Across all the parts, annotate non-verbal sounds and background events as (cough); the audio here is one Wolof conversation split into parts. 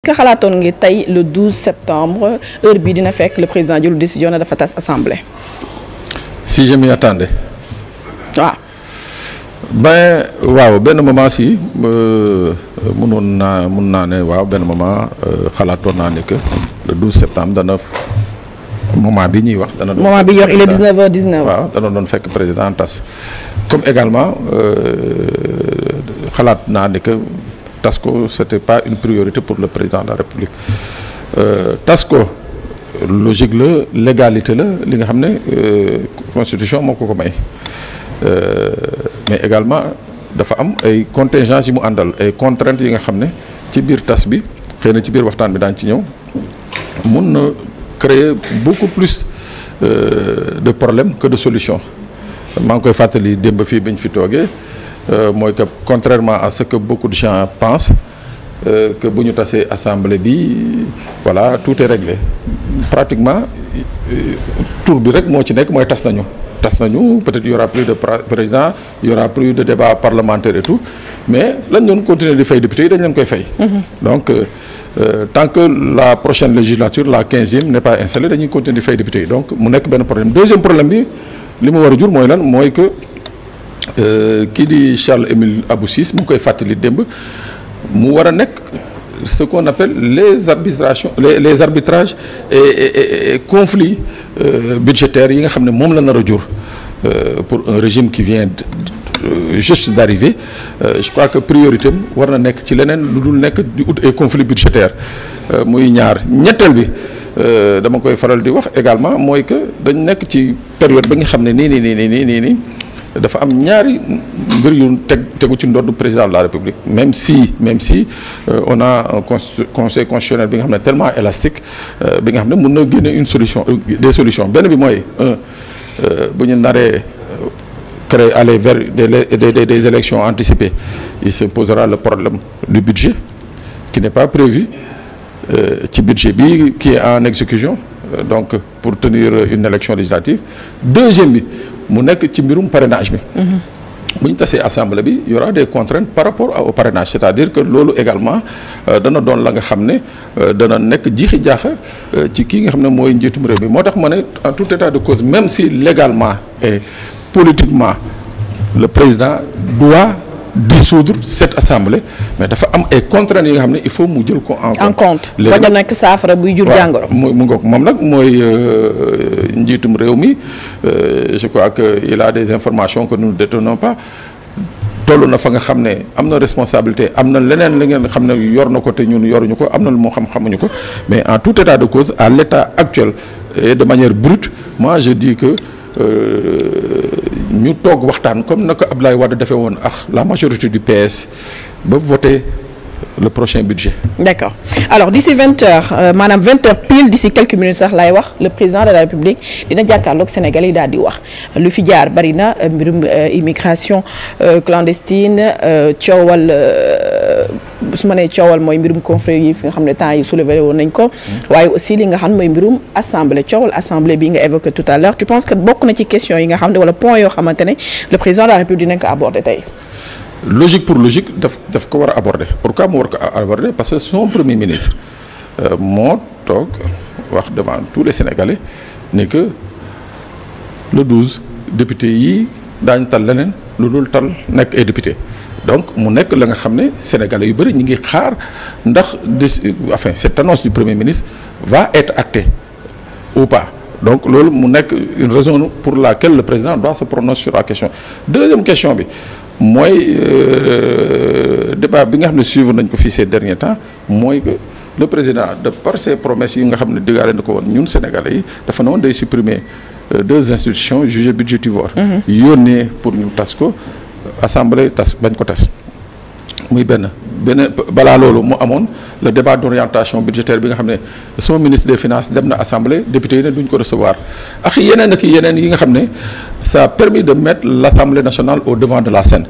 ka xalaatoon ngi tey le 12 septembre heure bii dina fekk le président jël décision na dafa tas assemblée. si je m'y waaw. ben benn moment si euh, mënoon naa mun naa ne waaw benn moment euh, xalaatoon naa ne que le 12 septembre dana moment bi ñuy wax. dana doon moment bi ñuy wax il est 19h19. fekk président tas comme également euh, xalaat naa ne tas ko c'était pas une priorité pour le président de la République euh, tas ko logique la légalité la li nga xam ne euh, constitution moo ko ko may euh, mais également dafa am ay contingences yi mu àndal ay contraintes yi nga xam ne ci biir tas bi xëy na ci biir waxtaan bi daañu ci ñëw mun na créer beaucoup plus de problème que de solution maa ngi koy fàttali démb fii bi ñu fi toogee. Euh, mooy que contrairement à ce que beaucoup de gens pensent euh, bu ñu tasee assemblée bi voilà tout est réglé pratiquement euh, tour bi rek moo ci nekk mooy tas nañu tas nañu peut-être y aura plus de président y aura plus de débat parlementaire et tout mais lañ doon continuer di fay député yi dañ leen koy fay mm-hmm. donc euh, tant que la prochaine législature la quinzième n'est pas installée dañuy continuer di fay député yi donc mu nekk benn problème deuxième problème Euh, kii di Charles Émile Abou Ciss mu koy fàttali démb mu war a nekk ce qu'on appelle les arbitrations les, les arbitrages et, et, et, et euh, yi nga xam ne moom la nar a jur euh, pour un régime qui vient juste d'arriver je crois que priorité am war na nekk ci leneen lu dul nekk di ut ay conflits budgétaires muy ñaar ñetteel bi dama koy faral di wax également mooy que dañ nekk ci période ba nga xam ne nii nii nii nii nii nii dafa am ñaari mbir yu teg tegu ci ndodd président de la république même si même si euh, on a un conseil constitutionnel bi nga xam ne tellement élastique euh, bi nga xam ne mën na génne une solution des solutions benn bi mooy un euh, bu ñu naree euh, créer aller vers des des des élections anticipées il se posera le problème du budget qui n'est pas prévu ci euh, budget bi qui est en exécution donc pour tenir une élection législative deuxième bi mu nekk ci mbirum parrainage bi. Mhm. bu ñu tasee assemblée bi y aura des par rapport au parrainage c'est-à-dire que loolu également euh, dana doon la nga xam ne euh, dana nekk jiixi jaaxa euh, ci kii nga xam ne mooy njiitum réew bi moo tax ma ne en tout état de cause même si légalement et politiquement le président doit. dissoudre cette assemblée mais dafa am ay contraintes yi nga xam ne il faut mu jël ko en compte léegi ko nekk saafara buy jur jàngoro mu mu ngoog moom nag mooy euh, njiitum réew mi euh, je crois que il a des informations que nu ne détenons pas toll na fa nga xam ne am na responsabilité am na leneen li ngeen xam ne yor na ko te ñun yoruñu ko am na lu moo xam xamuñu ko mais en tout état de cause à l'état actuel de manière brute moi je dis que ñu toog waxtaan comme na ko Abdoulaye Wade defee woon ak la majorité du PS ba voté le prochain budget. d'accord alors d'ici vingt heures euh, maanaam vingt heures pile d'ici quelques minutes sax laay wax le président de la république dina jàkkaarloog Sénégal yi daal di wax lu fi jaar bari na euh, mbirum euh, immigration clandestine coowal su ma nee coowal mooy mbirum confrérie yi fi nga xam ne temps yi soulevé woon nañ ko. Mm-hmm. waaye aussi li nga xam mooy mbirum assemblée coowal assemblée bi nga évoqué tout à l'heure tu penses que bokk na ci question yi nga xam ne wala point yoo tey. logique pour logique daf daf ko war a aborder pourquoi mu war ko aborder parce que son premier ministre euh, moo toog wax devant tous les sénégalais ne que le 12 député yi daañ tal leneen lu dul tal nekk ay député donc mu nekk la nga xam ne sénégalais yu bëri ñu ngi xaar ndax des enfin cette annonce du premier ministre va être actée ou pas donc loolu mu nekk une raison pour laquelle le président doit se prononcer sur la question deuxième question bi. mooy euh, débat bi nga xam ne suivre nañ ko fii ces derniers temps mooy que le président de par ses yi nga xam ne digaale na ko woon ñun sénégalais yi dafa ne woon day supprimer euh, deux institutions jugées budgétivores mm-hmm. yónnee pour ñu tas ko assemblée tas bañ ko tas muy benn beneen balaa loolu mu amoon le débat d'orientation budgétaire bi nga xam ne son ministre des finances dem na assemblée député yi ne duñ ko recevoir ak yeneen ak yeneen yi nga xam ne ça a permis de mettre l'assemblée nationale au devant de la scène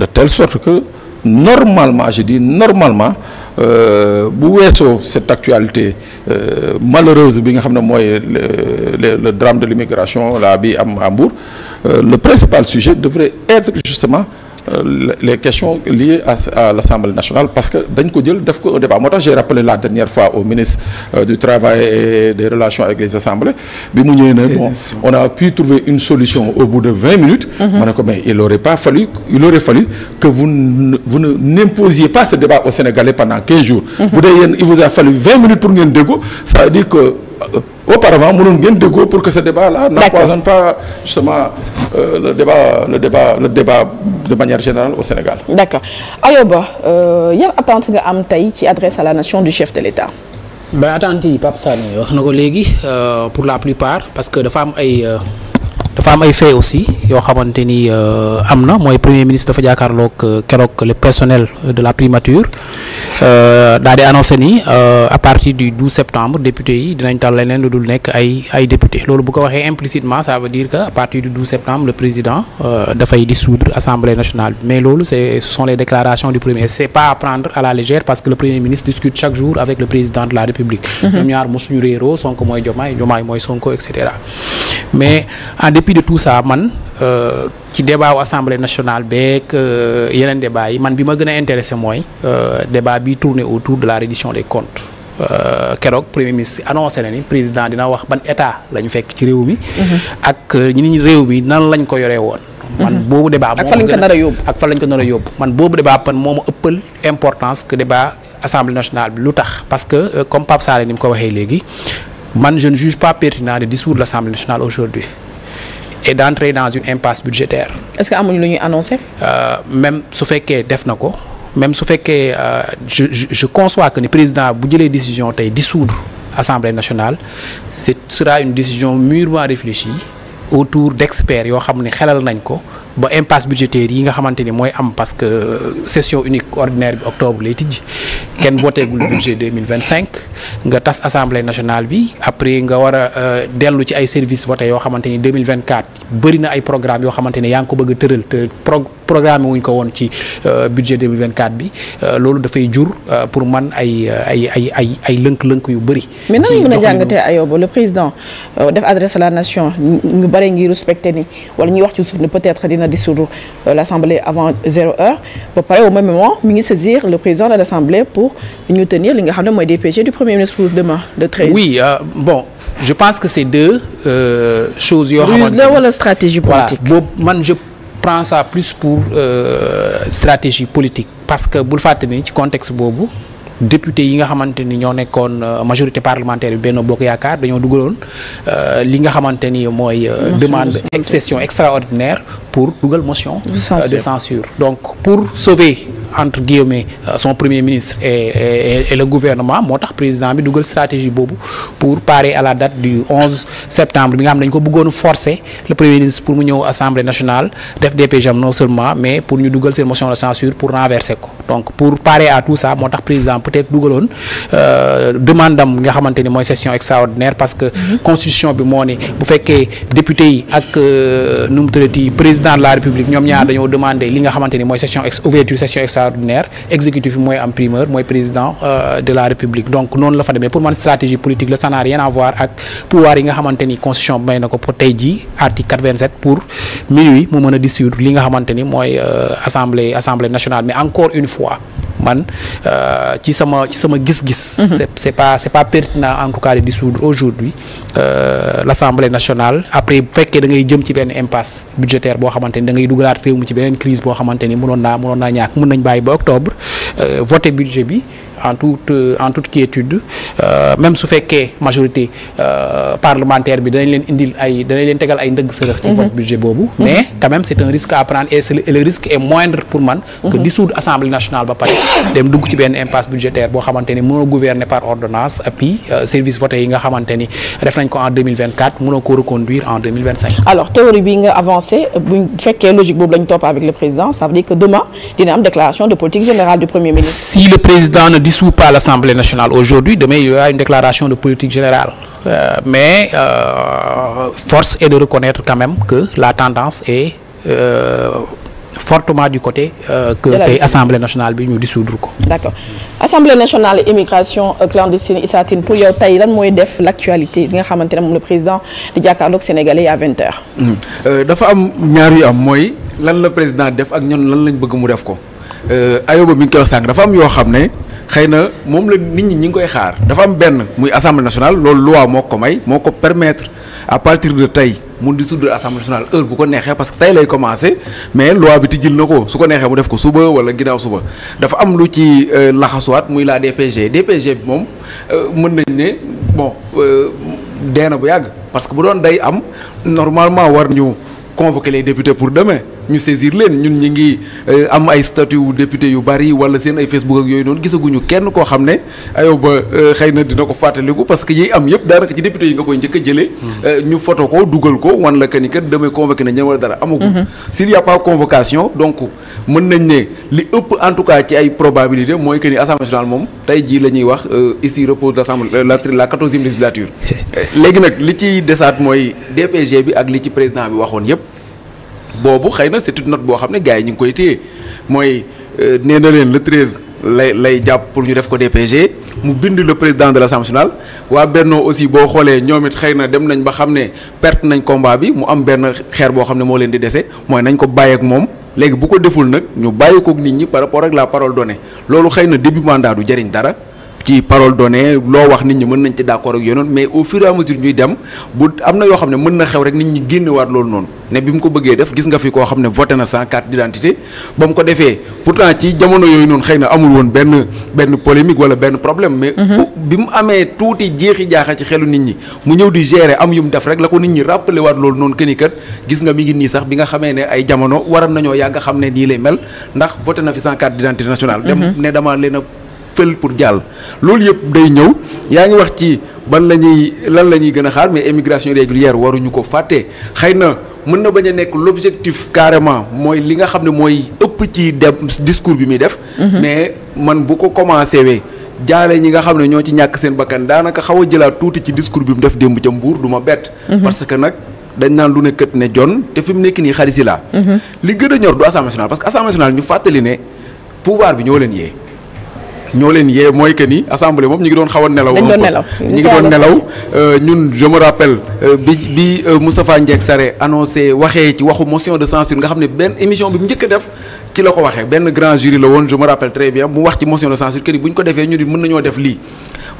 de telle sorte que normalement je dis normalement euh, bu weesoo cette actualité euh, malheureuse bi nga xam ne mooy le drame de l'immigration là bi am à Mbour euh, le principal sujet devrait être justement Euh, les questions liées à l'Assemblée nationale parce que dañ ko def ko un débat j'ai rappelé la dernière fois au ministre euh, du travail et des relations avec les assemblées bi mu ñëwee on a pu trouver une solution au bout de vingt minutes mm-hmm. ma ne il aurait pas fallu que vous ne n'imposiez pas ce débat aux Sénégalais pendant quinze jours mm-hmm. vous a fallu vingt minutes pour ngeen déggu ça veut dire Euh, auparavant mënoon ngeen déggoo pour que ce débat là n'empoisonne pas justement euh, le débat le débat le débat de manière générale au Sénégal d'accord Ayoba euh, yan attente nga am tey ci adresse à la nation du chef de l'État ben attente yi Pape Sané wax na ko léegi euh, pour la plupart parce que dafa am ay dafa am ay fait aussi yoo xamante ni euh, am na mooy premier ministre dafa jàkkaarloog euh, keroog le personnel de la primature euh, daal di annoncé ni à partir du 12 septembre député yi dinañ tal leneen lu dul nekk ay ay député loolu bu ko waxee implicitement ça veut dire que à partir du 12 septembre le président dafay dissoudre assemblée nationale mais loolu c'est ce sont les déclarations du premier c'est pas à prendre à la légère parce que le premier ministre discute mhm. mooy Diomaye mooy Sonko et cetera dépit de tout ça man euh, ci débat wu assemblée nationale beeg euh, yeneen débat yi man bi ma gën a intéressé mooy euh, débat bi tourné autour de la reddition des comptes keroog premier ministre annoncé na ni président dina wax ban état la ñu fekk ci réew mi. Mm-hmm. ak ñi réew mi nan lañ ko yoree woon. man mm-hmm. boobu débat ak a a ëppal importance que débat assemblée nationale bi lu tax parce que comme Pape Sarr ni mu ko waxee léegi man je juge pas pertinent de dissoudre l'assemblée nationale et d'entrer dans une impasse budgétaire. est-ce que amuñu lu ñuy annoncé. Euh, même su fekkee def na ko même su fekkee euh, je je je conçois que ni président bu jëlee décision tey dissoudre assemblée nationale ce sera une décision mûrement réfléchie autour d'experts yoo xam ni xelal nañ ko. ba impasse budgétaire yi nga xamante ni mooy am parce que euh, session unique ordinaire bi octobre lay tijji kenn booteegul budget 2025 nga tas assemblée nationale bi après nga war a euh, dellu ci ay services votés yoo xamante ni 2024 na ay programmes yoo xamante yaa ngi ko bëgg tëral te programme wuñ ko woon ci euh, budget bi loolu dafay jur pour man ay ay ay ay ay lënk-lënk yu bëri. mais nan mën a jàngatee Ayoba le président def adresse la nation ñu bëri ngi respecté ni wala ñuy na dissoudre euh, l'Assemblée avant zéro heure ba pare au même moment mi le président de l'Assemblée pour ñu tenir li nga xam ne mooy DPG du premier ministre pour demain oui euh, bon je pense que c'est deux euh, choses yoo. xamante ne ruse la wala stratégie politique man je prends ça plus pour euh, politique parce que bul fàtte ni ci contexte boobu. député yi nga xamante ni ñoo nekkoon euh, majorité parlementaire bi Benno Bokk Yaakaar dañoo dugaloon euh, li nga xamante ni mooy euh, demande session extraordinaire pour dugal motion de censure donc pour sauver entre guillemets euh, son premier ministre et et, et le gouvernement moo tax président bi dugal stratégie boobu pour parer à la date du septembre bi nga xam dañ ko bëggoon forcer le premier ministre pour mu ñëw assemblée nationale def DPGM non seulement mais pour ñu dugal seen motion de censure pour renverser ko donc pour parer à tout ça moo tax président peut-être dugaloon euh, demande am nga xamante ni mooy session extraordinaire parce que mhm. constitution bi moo ne bu fekkee extraordinaire exécutif bi mooy am mooy président euh, de la république donc noonu la fa demee pour man stratégie politique la ça n'a rien à voir yi nga xamante ni constitution may na ko pour tey jii article 87 pour minuit mu mën a dissoudre li nga xamante ni mooy euh, assemblée assemblée nationale mais encore une fois man euh, ci sama ci sama gis-gis. Mhm. c'est c'est pas c'est pas pertinent en tout cas de dissoudre aujourd'hui euh, l'Assemblée nationale après bu fekkee da ngay jëm ci benn impasse budgétaire boo xamante ni da ngay dugalaat réew mi ci beneen crise boo xamante ni mënoon naa noon naa ñàkk mun nañ bàyyi ba octobre euh, voté budget bi. Euh, en toute quiétude euh, même su fekkee majorité euh, parlementaire bi danañ leen indil ay danañ leen tegal ay ndëgg sërëx ci vote mhm. budget boobu mais mhm. quand c'est un risque à prendre et le risque est moindre pour man que mhm. dissoudre assemblée nationale ba pare (coughs) dem dugg ci benn impasse budgétaire boo xamante ni gouverner par ordonnance et puis service voté yi nga xamante ni nañ ko en 2024 ko reconduire en théorie bi nga avancé bu fekkee logique boobu lañ dissout pas l'Assemblée nationale aujourd'hui, demain il y aura une déclaration de politique générale. Euh, mais euh, force est de reconnaître que la tendance est euh, fortement du côté euh, que tey assemblée nationale bi ñu dissoudre ko. d'accord assemblée nationale immigration clandestine Issa Tine pour yow tey lan mooy def l'actualité bi nga xamante ne moom le président di jàkkaarloog sénégalais yi à hmm. dafa am ñaar yu am mooy lan la président def ak ñun lan lañ bëgg mu def ko Ayoba xëy na moom la nit ñi ñi ngi koy xaar dafa am benn muy assemblée nationale loolu loi moo ko may moo ko permetre à partir de tey mu di sudd assemblée nationale heure bu ko neexee parce que tey lay commencé mais loi bi tijjil na ko su ko neexee mu def ko suba wala ginnaaw suba dafa am lu ci euh, laxasuwaat muy laa DPG DPG bi moom euh, mën nañ ne bon euh, dee na bu yàgg parce que bu doon day am normalement war ñu convoquer les députés pour demain. ñu saisir leen ñun ñi ngi euh, am ay statut wu yu bari wala seen ay Facebook ak yooyu noonu gisaguñu kenn koo xam ne ayow ba euh, xëy na dina ko fàttaliku parce que yi am yëpp daanaka ci député yi nga koy njëkk a jëlee hmm. euh, ñu photo ko dugal ko wan la que ni kat damay convoqué na ñen wala dara amagul hmm. s'il y a convocation donc mën nañ ne li ëpp en tout cas ci ay probabilité mooy que ni assemblée nationale moom tey jii la ñuy wax ici repose l'assemblée la quatorzième législature (laughs) léegi nag li ci desaat mooy DPG bi ak li ci président bi waxoon yëpp boobu xëy na c'est not boo xam ne gars yi ñu ngi koy téye mooy euh, nee na leen le 13 lay lay jàpp pour ñu def ko DPG mu bind le président de la nationale waa Benno aussi boo xoolee ñoom it xëy na dem nañ ba xam ne perte nañ combat bi mu am benn xeer boo xam ne moo leen di dese mooy nañ ko bàyyeek moom léegi bu ko deful nag ñu bàyyi ko nit ñi par rapport ak la parole donnée loolu xëy na début mandat du jariñ dara ci parole donnée loo wax nit ñi mën nañ ci d'accord ak yonoon mais au fur à mesure ñuy dem bu am na yoo xam ne mën na xew rek nit ñi génnewaat loolu noonu ne bi mu ko bëggee def gis nga fi koo xam ne voté na sans carte d'identité ba mu ko defee pourtant ci jamono yooyu noonu xëy na amul woon benn benn polémique wala benn problème mais mhm. bi mu amee tuuti jeexi jaaxa ci xelu nit ñi mu ñëw di gérer am yu mu def rek la ko nit ñi rappelé waat loolu bi nga xamee ne ne nii lay mel ndax voté na fi sans fël pour jàll loolu yëpp day ñëw yaa ngi wax ci ban la ñuy lan la ñuy gën a xaar mais émigration régulière waruñu ko fàtte xëy na mën na bañ a nekk l'objectif carrément mooy li nga xam ne mooy ëpp ci discours bi muy def. Mhm. mais man bu ko commencé wee jaale ñi nga xam ne ñoo ci ñàkk seen bakkan daanaka xaw a jëlaat tuuti ci discours bi mu def démb ca Mbour du ma bett. Mhm. parce que nag dañ naan lu ne kët ne jon te fi mu nekk nii xarit si laa. Mhm. li gën a ñor du assemblée parce que assemblée nationale ñu fàttali ne pouvoir bi ñoo leen ñoo leen yee mooy que ni assemblée moom ñu ngi doon xaw a nelaw. dañu nelaw ñu ngi doon nelaw euh, ñun je me euh, bi bi euh, Moustapha Ndiaye Sare annoncé waxee ci waxu motion de censure nga xam ne benn émission bi mu njëkk a def ci la ko waxee benn grand jury la woon je me rappelle mu wax ci motion de censure que ni bu ñu ko defee ñu di mën nañoo def lii.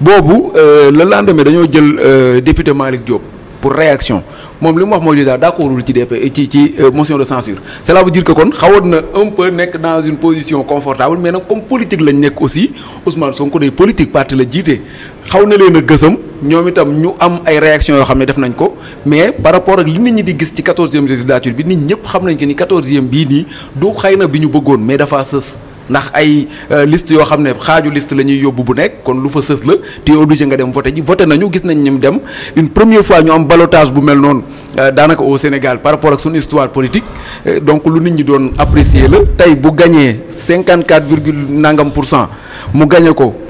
boobu le lendemain dañoo jël député Malick Diop pour réaction. moom li mu wax mooy déjà d'accordul ci DP ci ci euh, motion de censure cela veut dire que kon xawoon na un peu nekk dans une position confortable mais comme politique lañ nekk aussi Ousmane Sonko day politique parti la jiite xaw na leen a gësam ñoom itam ñu am ay réaction yoo xam ne def nañ ko mais par rapport ak li nit ñi di gis ci quatorzième législature bi nit ñëpp xam nañ que ni quatorzième bii nii du xay na bi ñu bëggoon mais dafa sës ndax ay euh, liste yoo xam ne xaaju liste la ñuy yóbbu bu nekk kon lu fa sës la te obligé nga dem voté ji voté nañu gis nañ ñu dem une première fois ñu am ballottage bu mel noonu euh, daanaka au Sénégal par rapport ak suñu histoire politique euh, donc lu nit ñi doon apprécier la tey bu gañee cinquante quatre virgule nangam pour cent mu gañe ko.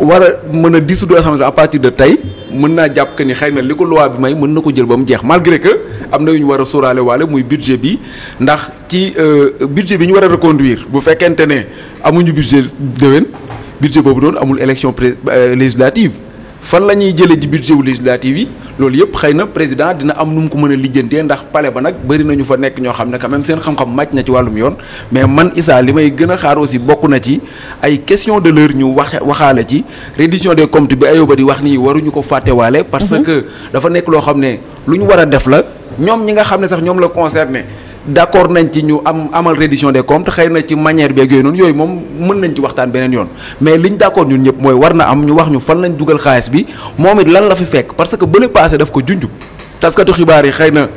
war a mën a dissoudre assemblée à partir de tey mën naa jàpp que ni xëy na li ko loi bi may mën na ko jël ba mu jeex malgré que am na yu ñu war a sóoraale waale muy budget bi ndax ci euh, budget bi ñu war a reconduire bu fekkente ne amuñu budget déwén budget boobu doon amul élection pré euh, législative fan la ñuy jëlee ji budget wu yi loolu yëpp xëy na président dina am nu mu ko mën a lijjantee ndax pale ba nag bëri nañu fa nekk ñoo xam ne quand même seen xam-xam màcc na ci wàllum yoon mais man Issa li may gën a xaar aussi bokk na ci ay question de l'heure ñu wax waxaale ci reddition des comptes bi ba di wax nii waruñu ko fàttewaale parce mhm. que dafa nekk loo xam ne lu ñu war a def la ñoom ñi nga xam ne sax ñoom la concerné d'accord nañ ci ñu am amal reddition des comptes xëy na ci manière beeg yooyu noonu yooyu moom mën nañ ci waxtaan beneen yoon mais liñ d'accord ñun ñëpp mooy war na am ñu wax ñu fan lañ dugal xaalis bi moom it lan la fi fekk parce que bële passé daf ko junj taskatu xibaar yi xëy na.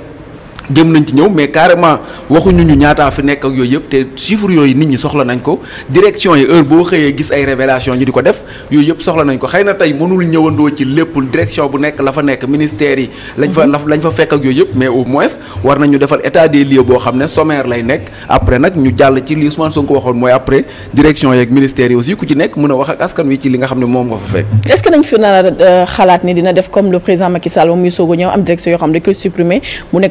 jëm nañ ci ñëw mais carrément waxuñu ñu ñaataa fi nekk ak yooyu yëpp te chiffres yooyu nit ñi soxla nañ ko direction yi heure boo xëyee gis ay révélation ñu di ko def yooyu yëpp soxla nañ ko xëy na tey mënul ñëwandoo ci lépp direction bu nekk la fa nekk ministère yi lañ fa mhm. lañ fa fekk ak yooyu yëpp mais au moins war nañu defal état des lieux boo xam ne sommaire lay nekk après nag ñu jàll ci li Ousmane Sonko waxoon mooy après direction yeeg ak askan wi